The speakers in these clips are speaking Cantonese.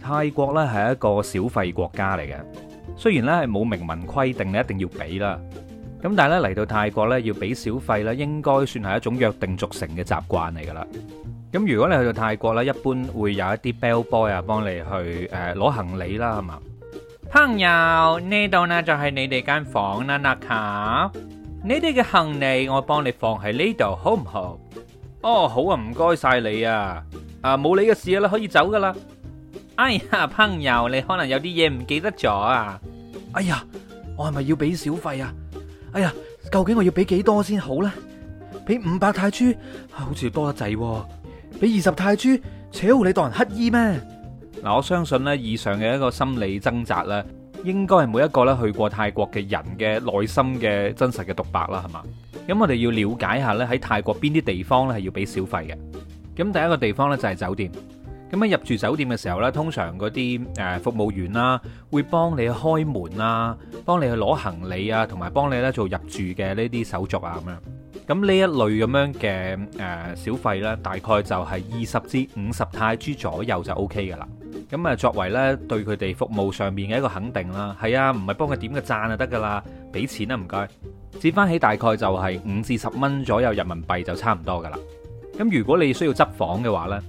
泰國咧係一個小費國家嚟嘅，雖然咧係冇明文規定你一定要俾啦，咁但係咧嚟到泰國咧要俾小費咧，應該算係一種約定俗成嘅習慣嚟噶啦。咁如果你去到泰國咧，一般會有一啲 bell boy 啊幫你去誒攞行李啦，係嘛？朋友，呢度咧就係你哋間房啦，納卡，你哋嘅行李我幫你放喺呢度，好唔好？哦，好啊，唔該晒你啊，啊，冇你嘅事啦，可以走噶啦。哎呀，朋友，你可能有啲嘢唔記得咗啊！哎呀，我係咪要俾小費啊？哎呀，究竟我要俾幾多先好呢？俾五百泰銖，哎，好似多得滯，啊；俾二十泰銖，扯，你當人乞衣咩？嗱，我相信呢，以上嘅一個心理掙扎咧，應該係每一個咧去過泰國嘅人嘅內心嘅真實嘅獨白啦，係嘛？咁我哋要了解下呢，喺泰國邊啲地方咧係要俾小費嘅？咁第一個地方呢，就係酒店。咁喺入住酒店嘅時候咧，通常嗰啲誒服務員啦、啊，會幫你開門啊，幫你去攞行李啊，同埋幫你咧做入住嘅呢啲手續啊咁樣。咁呢一類咁樣嘅誒、呃、小費咧，大概就係二十至五十泰銖左右就 O K 噶啦。咁啊作為咧對佢哋服務上面嘅一個肯定啦，係啊，唔係幫佢點個贊就得噶啦，俾錢啊唔該。折翻起大概就係五至十蚊左右人民幣就差唔多噶啦。咁如果你需要執房嘅話呢。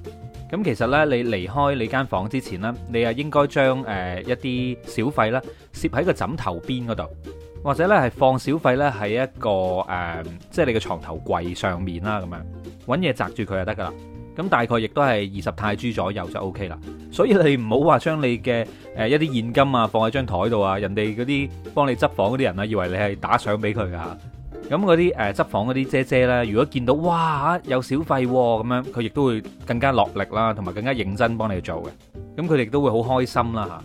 咁其實呢，你離開你間房之前呢，你呀應該將誒一啲小費呢攝喺個枕頭邊嗰度，或者呢係放小費呢喺一個誒，即係你嘅床頭櫃上面啦，咁樣揾嘢擲住佢就得噶啦。咁大概亦都係二十泰銖左右就 O K 啦。所以你唔好話將你嘅誒一啲現金啊放喺張台度啊，人哋嗰啲幫你執房嗰啲人啊，以為你係打賞俾佢噶。咁嗰啲誒執房嗰啲姐姐呢，如果見到哇有小費咁、啊、樣，佢亦都會更加落力啦，同埋更加認真幫你做嘅。咁佢哋都會好開心啦、啊、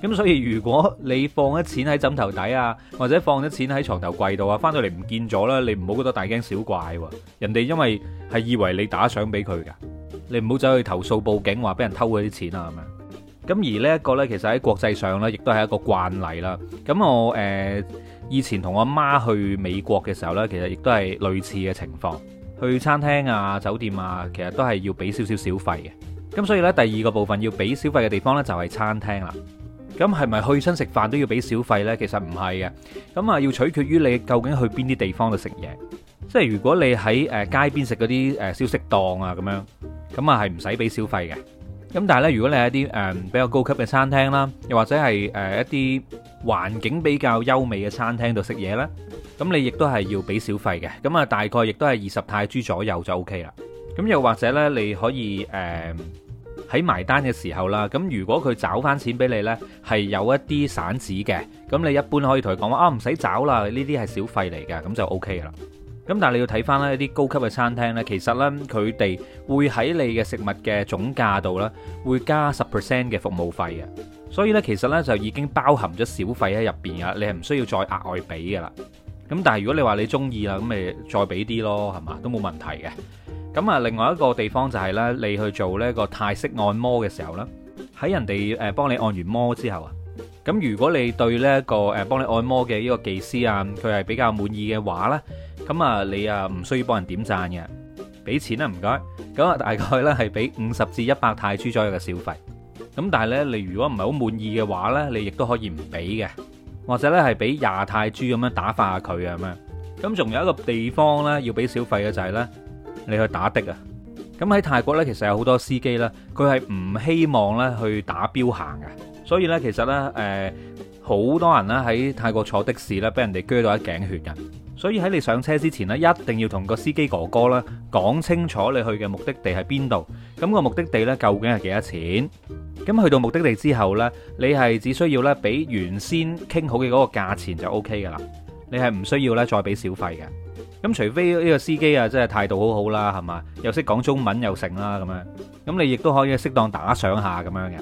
嚇。咁所以如果你放咗錢喺枕頭底啊，或者放咗錢喺床頭櫃度啊，翻到嚟唔見咗啦，你唔好覺得大驚小怪喎、啊。人哋因為係以為你打賞俾佢㗎，你唔好走去投訴報警話俾人偷咗啲錢啊咁樣。咁而呢一個呢，其實喺國際上呢，亦都係一個慣例啦。咁我誒、呃、以前同我媽去美國嘅時候呢，其實亦都係類似嘅情況。去餐廳啊、酒店啊，其實都係要俾少少小費嘅。咁所以呢，第二個部分要俾小費嘅地方呢，就係、是、餐廳啦。咁係咪去親食飯都要俾小費呢？其實唔係嘅。咁啊，要取決於你究竟去邊啲地方度食嘢。即係如果你喺誒街邊食嗰啲誒小食檔啊咁樣，咁啊係唔使俾小費嘅。咁但係咧，如果你係一啲誒比較高級嘅餐廳啦，又或者係誒一啲環境比較優美嘅餐廳度食嘢咧，咁你亦都係要俾小費嘅。咁啊，大概亦都係二十泰銖左右就 OK 啦。咁又或者咧，你可以誒喺埋單嘅時候啦，咁如果佢找翻錢俾你咧，係有一啲散紙嘅，咁你一般可以同佢講話啊，唔使找啦，呢啲係小費嚟嘅，咁就 OK 噶啦。咁但係你要睇返呢一啲高級嘅餐廳呢，其實呢佢哋會喺你嘅食物嘅總價度呢，會加十 percent 嘅服務費嘅。所以呢其實呢就已經包含咗小費喺入邊㗎，你係唔需要再額外俾噶啦。咁但係如果你話你中意啦，咁咪再俾啲咯，係嘛，都冇問題嘅。咁啊，另外一個地方就係呢，你去做呢個泰式按摩嘅時候呢，喺人哋誒幫你按完摩之後啊。咁如果你對呢一個誒幫你按摩嘅呢個技師啊，佢係比較滿意嘅話呢，咁啊你啊唔需要幫人點贊嘅，俾錢啦唔該。咁啊大概呢係俾五十至一百泰銖左右嘅小費。咁但係呢，你如果唔係好滿意嘅話呢，你亦都可以唔俾嘅，或者呢係俾廿泰銖咁樣打發下佢啊咁樣。咁仲有一個地方呢，要俾小費嘅就係呢，你去打的啊。咁喺泰國呢，其實有好多司機呢，佢係唔希望呢去打表行嘅。所以咧，其實咧，誒、呃，好多人咧喺泰國坐的士咧，俾人哋鋸到一頸血嘅。所以喺你上車之前呢，一定要同個司機哥哥咧講清楚你去嘅目的地係邊度。咁個目的地呢，究竟係幾多錢？咁去到目的地之後呢，你係只需要呢俾原先傾好嘅嗰個價錢就 OK 嘅啦。你係唔需要呢再俾小費嘅。咁除非呢個司機啊，真係態度好好啦，係嘛？又識講中文又成啦咁樣。咁你亦都可以適當打賞下咁樣嘅。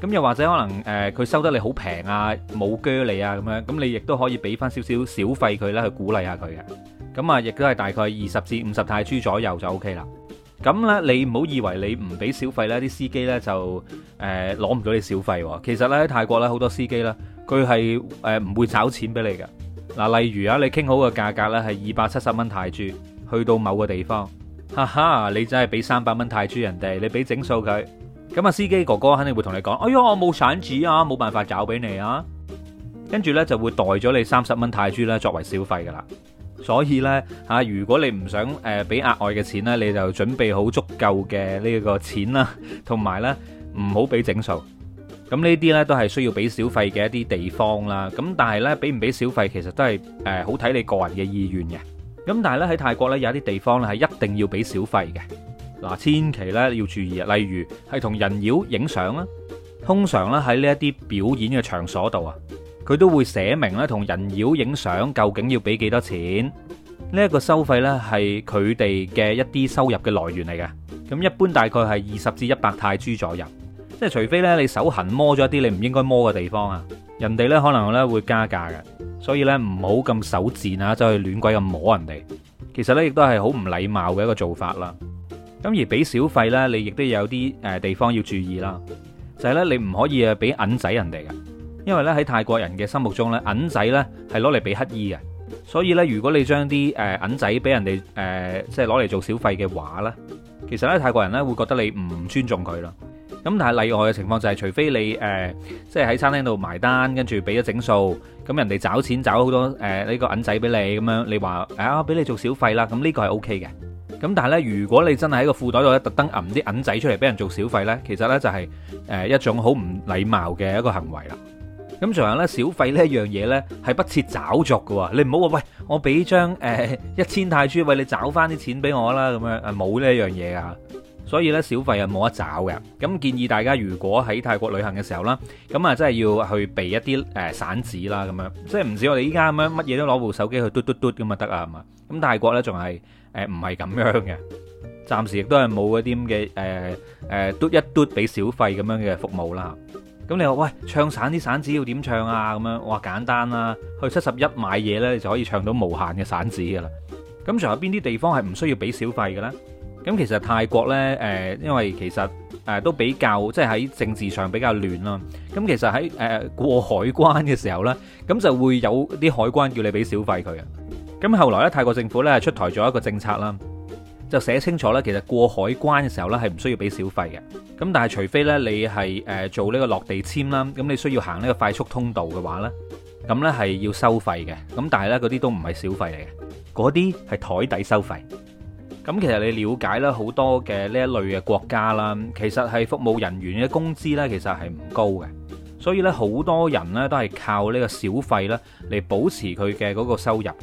咁又或者可能誒佢、呃、收得你好平啊，冇鋸你啊咁樣，咁你亦都可以俾翻少少小費佢咧，去鼓勵下佢嘅。咁啊，亦都係大概二十至五十泰銖左右就 OK 啦。咁咧，你唔好以為你唔俾小費咧，啲司機咧就誒攞唔到你小費。其實咧喺泰國咧好多司機咧，佢係誒唔會找錢俾你嘅。嗱，例如啊，你傾好嘅價格咧係二百七十蚊泰銖，去到某個地方，哈哈，你真係俾三百蚊泰銖人哋，你俾整數佢。咁啊，司機哥哥肯定會同你講：哎呦，我冇散紙啊，冇辦法找俾你啊。跟住咧就會袋咗你三十蚊泰銖啦，作為小費㗎啦。所以咧嚇，如果你唔想誒俾額外嘅錢咧，你就準備好足夠嘅呢個錢啦，同埋咧唔好俾整數。咁呢啲咧都係需要俾小費嘅一啲地方啦。咁但係咧，俾唔俾小費其實都係誒好睇你個人嘅意願嘅。咁但係咧喺泰國咧有一啲地方咧係一定要俾小費嘅。嗱，千祈咧要注意啊！例如係同人妖影相啦，通常咧喺呢一啲表演嘅場所度啊，佢都會寫明咧同人妖影相究竟要俾幾多錢。呢一個收費咧係佢哋嘅一啲收入嘅來源嚟嘅。咁一般大概係二十至一百泰銖左右，即係除非咧你手痕摸咗一啲你唔應該摸嘅地方啊，人哋咧可能咧會加價嘅。所以咧唔好咁手賤啊，走去亂鬼咁摸人哋，其實呢，亦都係好唔禮貌嘅一個做法啦。咁而俾小費呢，你亦都有啲誒地方要注意啦。就係呢，你唔可以啊俾銀仔人哋嘅，因為呢，喺泰國人嘅心目中呢，銀仔呢係攞嚟俾乞兒嘅。所以呢，如果你將啲誒銀仔俾人哋誒，即係攞嚟做小費嘅話呢，其實呢，泰國人呢會覺得你唔尊重佢啦。咁但係例外嘅情況就係，除非你誒即係喺餐廳度埋單，跟住俾咗整數，咁人哋找錢找好多誒呢個銀仔俾你，咁樣你話啊俾你做小費啦，咁呢個係 OK 嘅。咁但係咧，如果你真係喺個褲袋度咧，特登揞啲銀仔出嚟俾人做小費呢，其實呢就係誒一種好唔禮貌嘅一個行為啦。咁仲有呢，小費呢一樣嘢呢，係不設找贖嘅喎，你唔好話喂，我俾張誒、呃、一千泰銖，喂，你找翻啲錢俾我啦，咁樣啊冇呢一樣嘢噶。所以咧小費係冇得找嘅，咁建議大家如果喺泰國旅行嘅時候啦，咁啊真係要去備一啲誒、呃、散紙啦，咁樣即係唔止我哋依家咁樣乜嘢都攞部手機去嘟嘟嘟咁啊得啊，係嘛？咁泰國呢，仲係誒唔係咁樣嘅，暫時亦都係冇嗰啲咁嘅誒誒嘟一嘟俾小費咁樣嘅服務啦。咁你話喂，唱散啲散紙要點唱啊？咁樣哇簡單啦、啊，去七十一買嘢呢就可以唱到無限嘅散紙噶啦。咁仲有邊啲地方係唔需要俾小費嘅咧？咁其實泰國咧，誒，因為其實誒都比較即係喺政治上比較亂咯。咁其實喺誒過海關嘅時候咧，咁就會有啲海關叫你俾小費佢嘅。咁後來咧，泰國政府咧出台咗一個政策啦，就寫清楚咧，其實過海關嘅時候咧係唔需要俾小費嘅。咁但係除非咧你係誒做呢個落地簽啦，咁你需要行呢個快速通道嘅話咧，咁咧係要收費嘅。咁但係咧嗰啲都唔係小費嚟嘅，嗰啲係枱底收費。咁其實你了解啦，好多嘅呢一類嘅國家啦，其實係服務人員嘅工資咧，其實係唔高嘅。所以咧，好多人咧都係靠呢個小費咧嚟保持佢嘅嗰個收入嘅。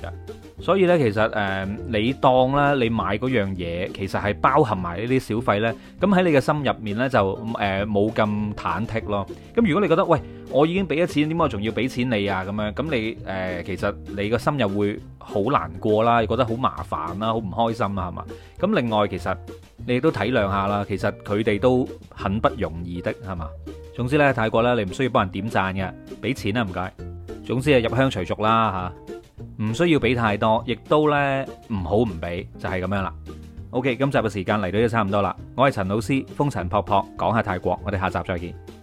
所以咧，其實誒、呃，你當咧你買嗰樣嘢，其實係包含埋呢啲小費咧。咁喺你嘅心入面咧就誒冇咁忐忑咯。咁如果你覺得喂，我已經俾咗錢，點解仲要俾錢你啊？咁樣咁你誒、呃，其實你個心又會好難過啦，又覺得好麻煩啦，好唔開心啊，係嘛？咁另外其實。你亦都體諒下啦，其實佢哋都很不容易的，係嘛？總之呢，泰國呢，你唔需要幫人點贊嘅，俾錢啦唔該。總之係，入鄉隨俗啦吓，唔需要俾太多，亦都呢，唔好唔俾，就係咁樣啦。OK，今集嘅時間嚟到都差唔多啦，我係陳老師，風塵仆仆，講下泰國，我哋下集再見。